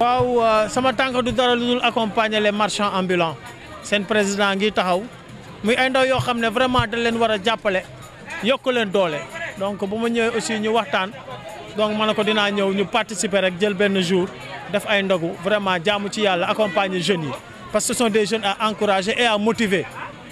waaw euh, sama tànk du dara lu dul accompagner les marchands ambulants seen président ngi taxaw muy ay ndaw yoo xam ne vraiment dañ leen war a jàppale yokk doole donc bu ma ñëwee aussi ñu waxtaan donc ma ne ko dinaa ñëw ñu participer rek jël benn jour def ay ndogu vraiment jaamu ci yàlla accompagner jeunes yi parce que ce sont des jeunes à encourager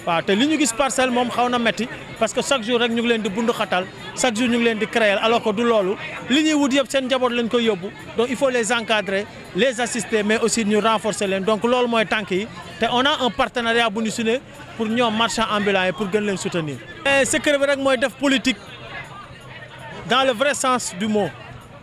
waaw te li ñu gis parcelle moom xaw na metti parce que chaque jour rek ñu ngi leen di bundu xatal chaque jour ñu leen di créer alors que du loolu li ñuy wut yëpp seen njaboot lañ koy yóbbu donc il faut les encadrer les assister mais aussi ñu renforcer leen donc loolu mooy tànk yi te on a un partenariat bu ñu sune pour ñoom marchands ambulants yi pour gën leen soutenir. mais secret bi rek mooy def politique dans le vrai sens du mot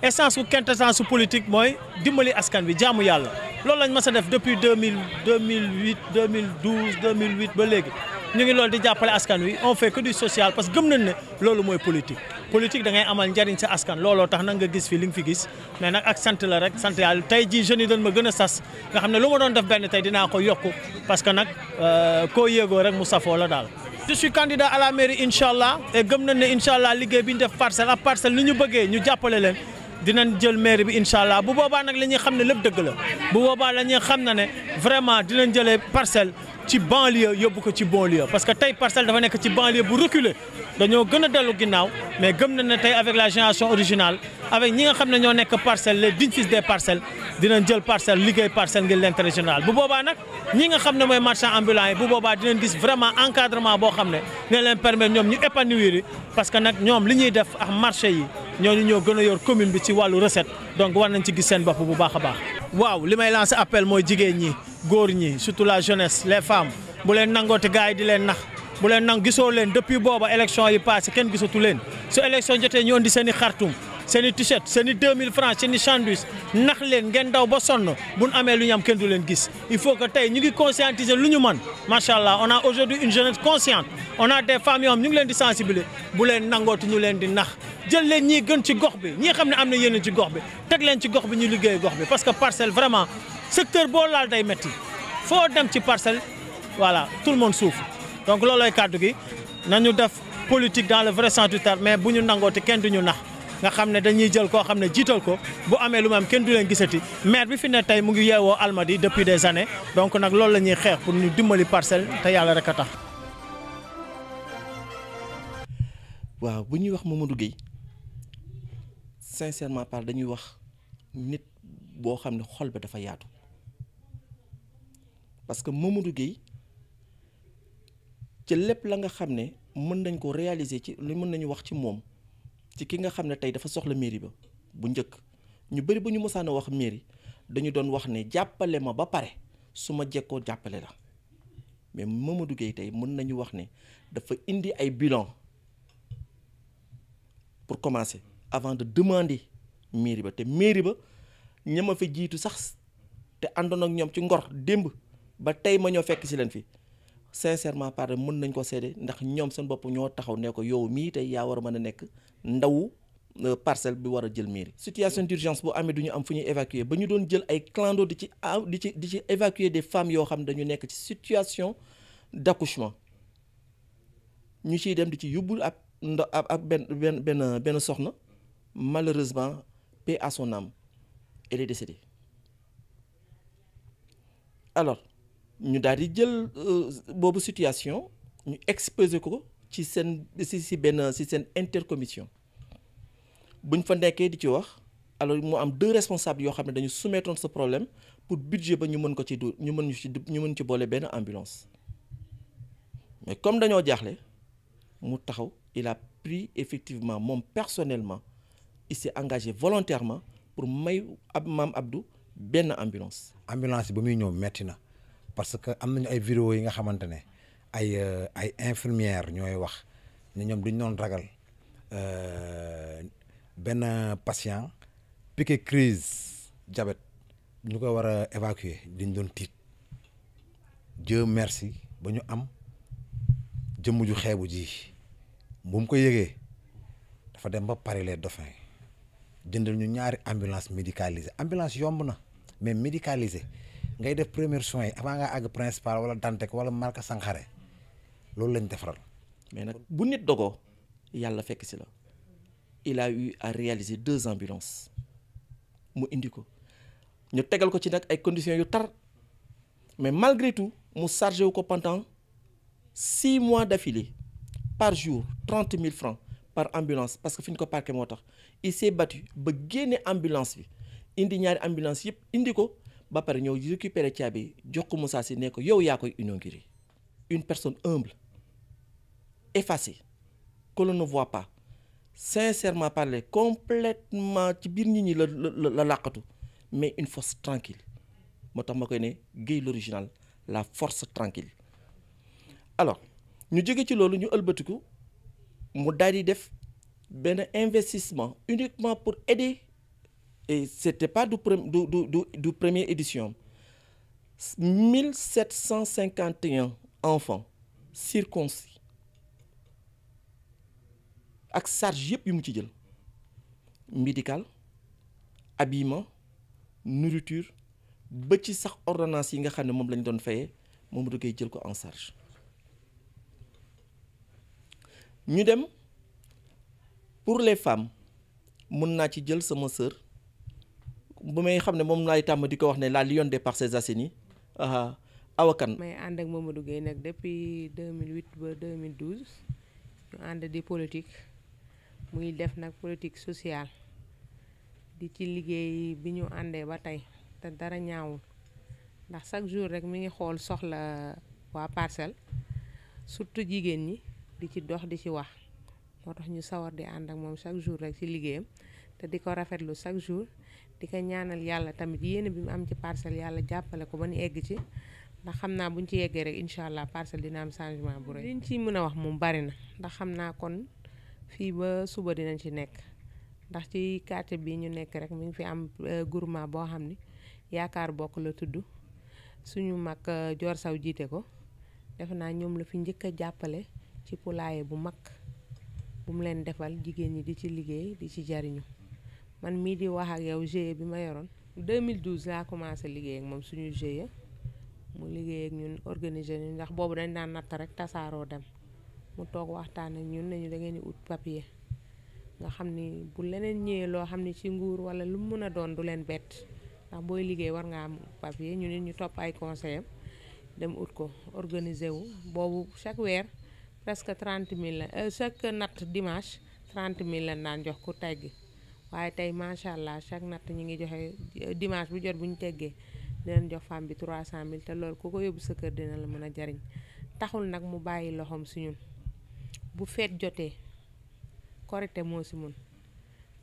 essence ou quintessence politique mooy dimbali askan bi jaamu yàlla. loolu lañ mës a def depuis 2000 2008 2012 2008 ba léegi ñu ngi loolu di jàppale askan wi on fekk que du social parce gëm nañ ne loolu mooy politique politique da ngay amal njariñ sa askan looloo tax nag nga gis fi li nga fi gis mais nag ak sant la rek sant yàlla tey jii jeunes yi ma gën a sas nga xam ne lu ma doon def benn tey dinaa ko yokk parce que nag euh, koo yéegoo rek mu safoo la daal je suis candidat à la mairie incha allah et gëm nañ ne incha allah liggéey bi ñu def parcelle ak parcelle ni ñu bëggee ñu jàppale leen dinañ jël mairie allah bu boobaa nag la ñuy xam ne lépp dëgg la bu boobaa la ñuy xam ne ne vraiment dinañ jëlee parcelle ci banlieue yóbbu ko ci banlieue parce que tey parcelle dafa nekk ci banlieue bu reculé dañoo gën a dellu ginnaaw mais gëm na ne tey avec la génération originale avec ñi nga xam ne ñoo nekk parcelle les dignes fils des parcelles dinañ jël parcelle liggéey parcelle ngir l'intérêt général bu boobaa nag ñi nga xam ne mooy marchand ambulant yi bu boobaa dinañ gis vraiment encadrement boo xam ne ne leen ñoom ñu épanouir parce que nag ñoom li ñuy def a marché yi ñooñu ñoo gën a yor commune bi ci wàllu recette donc war nañ ci gis seen bu baax a waaw li may lancer appel mooy jigéen ñi góor ñi surtout la jeunesse les femmes bu leen nangooti gars yi di leen nax bu leen nang gisoo leen depuis booba élection yi passé kenn gisatu leen su élection jotee ñu indi seen i xartum seen i t-shirt seen i 2000 francs seen i sandwich nax leen ngeen daw ba sonn bu nu amee lu ñu am kenn du leen gis il faut que tey ñu ngi conscientiser lu ñu mën macha allah on a aujourd'hui une jeunesse consciente on a des femmes ñu ngi leen di sensibiliser bu leen nangooti ñu leen di nax jël leen ñii gën ci gox bi ñi xam ne am na yéen ci gox bi teg leen ci gox bi ñu liggéey gox bi parce que parcelle vraiment secteur boo laal day métti foo dem ci parcelle voilà tout le monde souffre donc loolooy kàddu gi nañu def politique dans le vrai sens du terme mais bu ñu nangooti kenn du nax nga xam ne dañuy jël koo xam ne jiital ko bu amee lu mu am kenn du leen gisati maire bi fi ne tey mu ngi yeewoo Almadies depuis des années donc nag loolu la ñuy xeex pour ñu dimbali parcelle te yàlla rek a tax. waaw bu ñuy wax Mamadou Guèye sincèrement par dañuy wax nit boo xam ne xol dafa yaatu parce que Mamadou Guèye ci lépp la nga xam ne mën nañ ko réaliser ci li mën nañu wax ci moom. ci ki nga xam ne tey dafa soxla mairie ba bu njëkk ñu bëri bu ñu mosaan a wax mairie dañu doon wax ne jàppale ma ba pare su ma jekkoo jàppale la mais Mamadou Gueye tey mën nañu wax ne dafa indi ay bilan pour commencer avant de demander mairie ba te mairie ba ñama ma jiitu sax te àndoon ak ñoom ci ngor démb ba tey ma ñoo fekk si leen fii sincèrement parle mën nañ ko seede ndax ñoom seen bopp ñoo taxaw ne ko yow mii tey yaa war a mën a nekk ndaw euh, parcelle bi war a jël mairie situation d'urgence bu amee du ñu am fu ñuy évacuer ba ñu doon jël ay clando di ci di ci di ci évacuer des femmes yoo xam dañu nekk ci situation d'accouchement ñu ciy dem di ci yóbbul ab ndo ab benn benn benn soxna malheureusement p à son âme elle est ñu daal di jël euh, boobu situation ñu exposé ko ci seen si si benn si seen intercommission buñ fa nekkee di ci wax alors mu am deux responsables yoo xam ne dañu soumettre sa problème pour budget ba ñu mën ko ci du ñu mën ñu ci ñu mën ci boole benn ambulance mais comme dañoo jaaxle mu taxaw il a pris effectivement moom personnellement il s'est engagé volontairement pour may ab maam Abdou benn ambulance. ambulance ba muy ñëw metti na. parce que am nañu ay vidéo yi nga xamante ne ay euh, ay infirmière ñooy wax ne ñoom duñ doon ragal euh, benn patient piqué crise jabet ñu ko war a évacuer dañ doon tiit Dieu merci ba ñu am jëmm ju xeebu ji bu mu ko yëgee dafa dem ba Paris les Dauphins jëndal ñu ñaari ambulance médicaliser ambulance yomb na mais médicaliser ngay def première soins yi avant ngaa àgg principal wala Dantec wala Malka Sankhare loolu lañu defaral. mais nag bu nit dogoo yàlla fekk si la il a eu à réaliser deux ambulances mu indi ko ñu tegal ko ci nag ay conditions yu tar mais malgré tout mu chargé wu ko pendant six mois d'affilée par jour trente mille francs par ambulance parce que fi ñu ko parqué moo tax il s'est battu ba génne ambulance bi indi ñaari ambulance yëpp indi ko. ba pare ñëw récupérer caabi jox ko Moussa Sy ne ko yow yaa koy inauguré une personne humble effacée que l'on ne voit pas sincèrement parler complètement ci biir nit ñi la la la mais une force tranquille moo tax ma koy ne Guèye l'original la force tranquille alors ñu jóge ci loolu ñu ëlbatiku mu daal di def benn investissement uniquement pour aider et c'était pas du du du du première édition 1751 enfants circoncis ak charge yëpp yu mu ci jël médical habillement nourriture ba ci sax ordonnance yi nga xam ne moom lañ doon fayee moom da koy jël ko en charge ñu dem pour les femmes mun naa ci jël sama sœur bu may xam ne moom laay tàmm di ko wax ne la Lionne des Parcelles Assainies Awa Kane. may ànd ak Mamadou Gueye nag depuis 2008 ba 2012 ñu ànd di politique muy def nag politique sociale di ci liggéey bi ñu àndee ba tey te dara ñaawul ndax chaque jour rek mi ngi xool soxla waa parcelle surtout jigéen ñi di ci dox di ci wax moo tax ñu sawar di ànd ak moom chaque jour rek ci liggéeyam. te di ko rafetlu chaque jour di ko ñaanal yàlla tamit yéene bi mu am ci parcelle yàlla jàppale ko ba ñu egg ci ndax xam naa buñ ci yeggee rek incha allah parcelle dina am changement bu rëy. liñ ci mën a wax moom bari na ndax xam naa kon fii ba suba dinañ ci nekk ndax ci quartier bi ñu nekk rek mi ngi fi am euh, groupement boo xam ni yaakaar bokk la tudd suñu mag euh, Dior Sow jiite ko defe naa ñoom la fi njëkk a jàppale ci poulailler bu mag bu mu leen defal jigéen ñi di ci liggéey di ci jariñu man mii di wax ak yow GIE bi ma yoroon 2012 laa commencé liggéey ak moom suñu GIE mu liggéey ak ñun organiser ñu ndax boobu dañ daan natt rek tasaaroo dem mu toog waxtaan ak ñun nañu da ngeen di ut papier nga xam ni bu leneen ñëwee loo xam ni ci nguur wala lu mu mën a doon du leen bett ndax booy liggéey war nga am papier ñu nit ñu topp ay conseil am dem ut ko organiser wu boobu chaque weer presque 30 000 la euh, chaque natt dimanche 30 mille lañ daan jox ku teggi waaye tey macha allah chaque natt ñu ngi joxe dimanche bu jot bu ñu teggee dinañ jox femme bi 300000 te lool ku ko yóbbu sa kër dina la mën a jariñ taxul nag mu bàyyi loxoom si ñun bu feet jotee korite moo si mën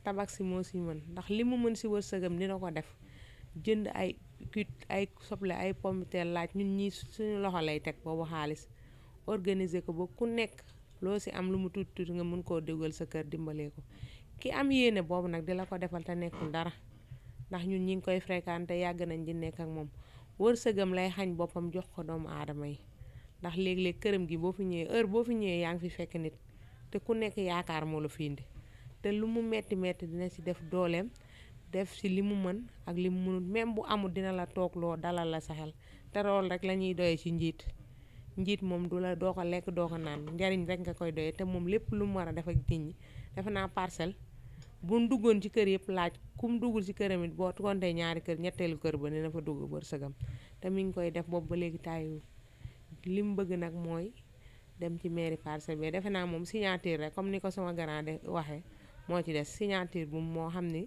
tabax si moo si mën ndax li mu mën si wërsëgam dina ko def jënd ay kit ay soble ay pommiteer laaj ñun ñi suñu loxo lay teg boobu xaalis organiser ko ba ku nekk loo si am lu mu tuuti tuuti nga mën koo déggal sa kër dimbalee ko ki am yéene boobu nag di la ko defal te nekkul dara ndax ñun ñi ngi koy frekante yàgg nañ di nekk ak moom wërsëgam lay xañ boppam jox ko doomu aadama yi ndax léeg-léeg këram gi boo fi ñëwee heure boo fi ñëwee yaa ngi fi fekk nit te ku nekk yaakaar moo la fi indi te lu mu metti metti dina ci def dooleem def ci li mu mën ak li mu mënul même bu amul dina la toog loo dalal la saxel te loolu rek la ñuy doye ci njiit njiit moom du la doo ko lekk doo ko naan njariñ rek nga koy doye te moom lépp lu mu war a def ak nit defe naa parcelle buñ duggoon ci kër yëpp laaj ku mu duggul ci këram it boo kontee ñaari kër ñetteelu kër ba dina fa dugg wërsëgam te mi ngi koy def boobu ba léegi taayu li mu bëgg nag mooy dem ci mairie parcelle bi defe naa moom signature rek comme ni ko sama grand de waxee moo ci des signature bu moo xam ni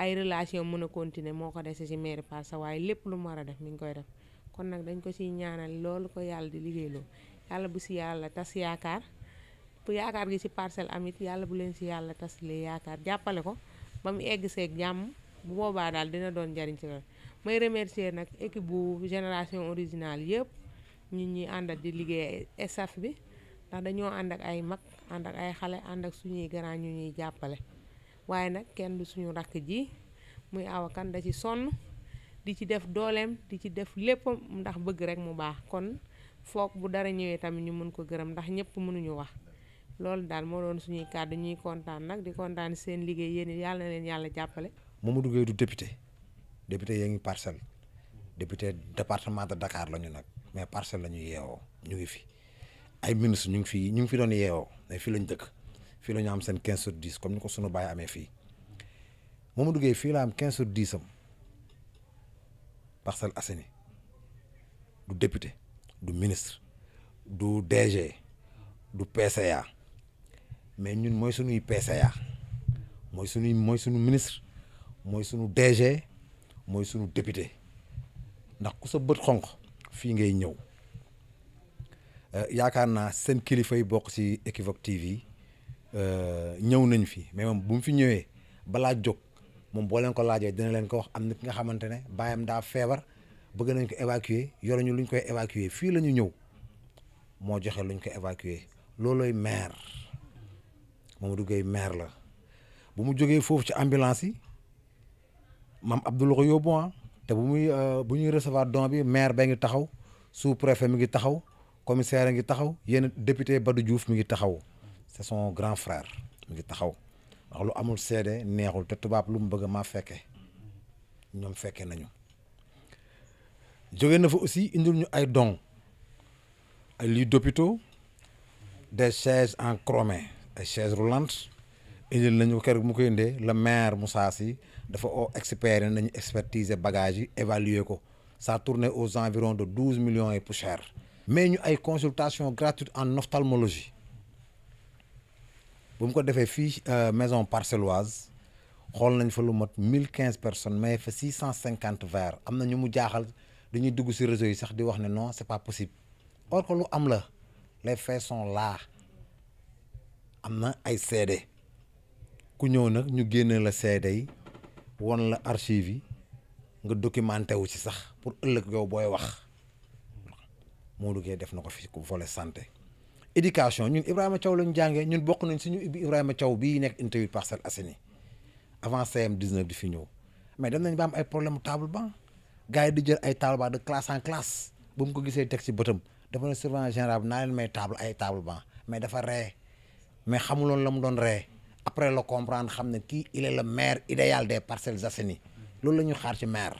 ay relation mën a continuer moo ko dese ci mairie parcelle waaye lépp lu mu war a def mi ngi koy def kon nag dañ ko ciy ñaanal loolu ko yàlla di liggéeyloo yàlla bu si yaakaar yaakaar gi ci parcelle am yàlla bu leen ci yàlla tas li yaakaar jàppale ko ba mu egg seeg jàmm bu boobaa daal dina doon njariñ ci loolu may remercier nag équipe bu génération originale yëpp ñi ñuy àndal di liggéey staff bi ndax dañoo ànd ak ay mag ànd ak ay xale ànd ak suñuy grand ñu ñuy jàppale waaye nag kenn du suñu rakk ji muy awakan da ci sonn di ci def dooleem di ci def lépp ndax bëgg rek mu baax kon foog bu dara ñëwee tamit ñu mën ko gërëm ndax ñëpp mënuñu wax loolu daal moo doon suñuy kàddu ñuy kontaan nag di kontaan seen liggéey yéen yàlla na leen yàlla jàppale. Mamadou Gueye du député député yaa ngi parcelle député département de Dakar lañu nag mais parcelle la ñu yeewoo ñu ngi fi ay ministre ñu ngi fi ñu ngi fi doon yeewoo mais fii lañu dëkk fii la ñu am seen 15 sur 10 comme ni ko sunu baay amee fii moo Mamadou duggee fii la am 15 sur 10 am Parcelles Assainies du député du ministre du DG du PCA. mais ñun mooy suñuy PCA mooy suñuy mooy suñu ministre mooy suñu DG mooy suñu député ndax ku sa bët xonq fii ngay ñëw euh, yaakaar naa seen kilifa yi bokk ci Equivox TV euh, ñëw nañ fii mais moom bu mu fi ñëwee balaa jóg moom boo leen ko laajee dina leen ko wax am na ki nga xamante ne baayam daa feebar bëgg nañ ko évacuer yore ñu luñ koy évacuer fii la ñu ñëw moo joxe luñ koy ko loolu loolooy maire Mamadou Gueye maire la bu mu jógee foofu ci ambulance yi maam Abdou la ko yóbbu ah. te bu muy euh, bu ñuy recevoir don bi maire ba ngi taxaw sous préfet mi ngi taxaw commissaire a ngi taxaw yenn ba du Diouf mi ngi taxaw c'est son grand frère mi ngi taxaw wax lu amul seede neexul te tubaab lu mu bëgg maa fekke ñoom fekkee nañu jóge na fa aussi indil ñu ay donc ay lits d'hôpitaux de chaise en chromé ay chaise roulante indil nañu ker mu ko indee le maire Moussa Sy dafa oo experts yi nañu expertiser bagages yi évaluer ko ça tournait aux environs de douze millions et poussière mais ñu ay consultation gratuite en ophtalmologie bu mu ko defee fii euh, maison parcelloise xool nañ fa lu mat mille quinze personnes mais fa six cent cinquante verres am na ñu mu jaaxal dañuy dugg si réseau yi sax di wax ne non c'est pas possible or que lu am la les faits sont am na ay seede ku ñëw nag ñu génne la seede yi won la archive yi nga documenté wu si sax pour ëllëg yow booy wax moo duggee def na ko fi ku volet santé éducation ñun a Thiaw lañu jàngee ñun bokk nañ suñu Ibrahima Thiaw bii nekk interview Parcelles Assainies avant CM 19 di fi ñëw mais dem nañ ba am ay problème table banc gars yi di jël ay table banc de classe en classe ba mu ko gisee teg ci bëtam dafa ne surveillant général bi naa leen ay table banc mais dafa ree mais xamuloon la mu doon ree après la comprendre xam ne kii il est le maire idéal des Parcelles Assainies loolu la ñu xaar ci maire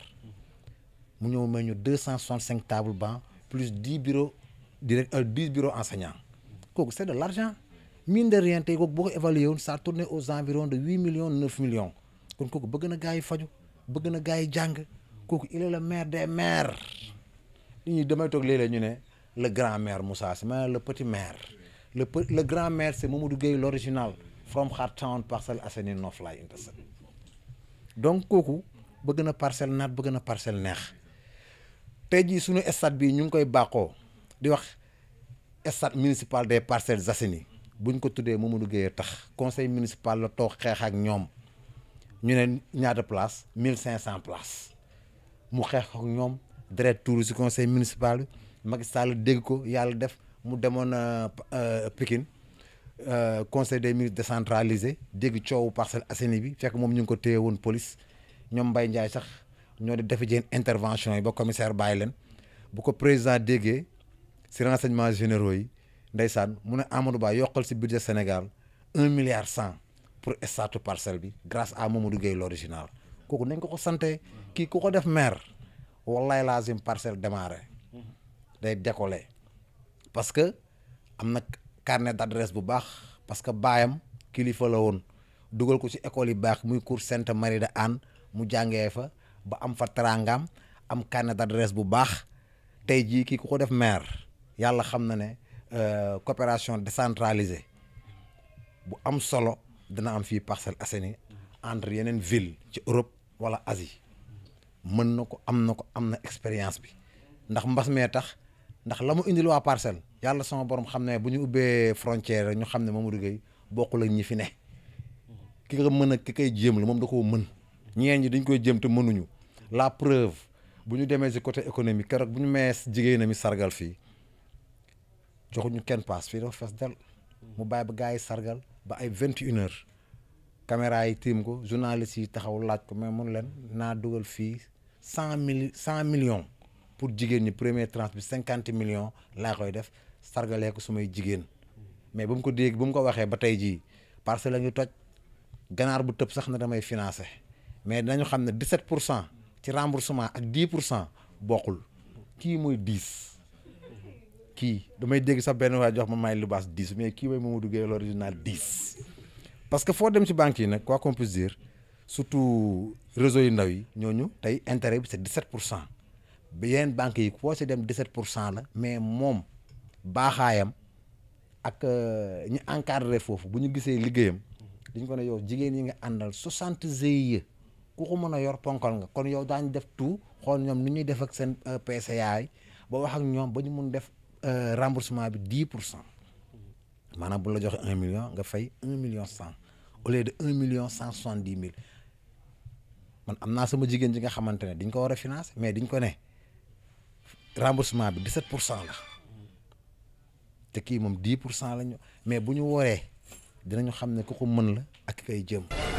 mu ñëw may ñu deux cent soixante cinq table banc plus dix bureaux direct euh, dix bureaux enseignants kooku c' est de l' argent mine de rien tey kooku boo ko évalué woon ça tournait aux environs de huit millions neuf millions kon kooku bëgg na gars yi faju bëgg na gars yi jàng kooku il est maire des maire li ñuy damay toog léeg-léeg ñu ne le grand maire Moussa Sy mais le petit maire le le grand maire c'est Mamadou Gueye l'original from Hard Town Parcelles Assainies Noflaye Interstate donc kooku bëgg na parcelle naat bëgg na parcelle neex te jii suñu stade bii ñu ngi koy bàqoo di wax stade municipal des Parcelles Assainies buñ ko tuddee Mamadou Gueye tax conseil municipal la toog xeex ak ñoom ñu ne ñaata place mille cinq cent place mu xeex ak ñoom direct tour si conseil municipal bi Macky Sall dégg ko yàlla def mu demoon euh, euh, Pikine euh, conseil des ministres décentralisé dégg coowu Parcelles Assainies bi fekk moom ñu ngi ko téye woon police ñoom bay Ndiaye sax ñoo di def jeen intervention yi ba commissaire bàyyi leen bu ko président déggee si renseignements généraux yi ndeysaan mu ne Amadou Ba yokkal si budget Sénégal un milliard cent pour estatu parcelle bi grâce à Mamadou Gueye l'original kooku nañ ko ko sante kii ko ko def maire wallaay lazim parcelle démarré mm-hmm. day décollé parce que am na carnet d'adresse bu baax parce que baayam kilifa la woon dugal ko ci école yi baax muy cours Sainte Marie de Anne mu jàngee fa ba am fa teraangaam am carnet d'adresse bu baax tey jii kii ku ko def maire yàlla xam na ne euh, coopération décentralisée bu am solo dina am fii Parcelles Assainies entre yeneen ville ci Europe wala Asie mën na ko am na ko am na expérience bi ndax mbas mee tax ndax la mu indil waa parcelle yàlla sama boroom xam ne bu ñu ubbee frontière ñu xam ne Mamadou Gueye bokku ak ñi fi ne ki nga mën a ki koy jéem la moom da koo mën ñeen ñi dañ koy jéem te mënuñu la preuve bu ñu demee si côté économique keroog bu ñu mees jigéen mi sargal fii joxuñu kenn paas fii dafa fees del mu bàyyi ba gars yi sargal ba ay vingt et une heures yi tiim ko journaliste yi taxaw laaj ko mais mun leen naa dugal fii cent mille cent millions pour jigéen ñi premier tranche bi cinquante million laa koy def sargalee ko sumay jigéen mais ba mu ko dégg ba mu ko waxee ba tey jii parce que la ñu toj ganaar bu tëb sax na damay financé mais dañu xam ne 17 pour cent ci remboursement ak dix pour cent bokkul kii mooy 10 kii damay dégg sax benn waay jox ma may lu baas 10 mais kii mooy Mamadou Gueye l'original 10 parce que foo dem ci banque yi nag quoi qu'on puisse surtout réseau yu ndaw yi ñooñu tey intérêt bi c'est 17 pour cent yeneen banques yi foo si dem 17 pour cent la mais moom baaxaayam ak euh, ñu encadré foofu bu ñu gisee liggéeyam dañ ko ne yow jigéen yi nga àndal 60 GIE ku mën a yor ponkal nga kon yow daañu def tout xool ñoom nu ñuy def ak seen euh, PCA yi ba wax ak ñoom ba ñu mun def euh, remboursement bi 10 pour cent maanaam bu la joxe un million nga fay un million cent au lieu un million cent soixante dix mille man am naa sama jigéen ji nga xamante ne diñ ko war a financer mais diñ ko ne. remboursement bi 17 pour cent la te kii moom 10 pour cent la ñu mais bu ñu wooree dinañu xam ne ku ko mën la ak kay jëm.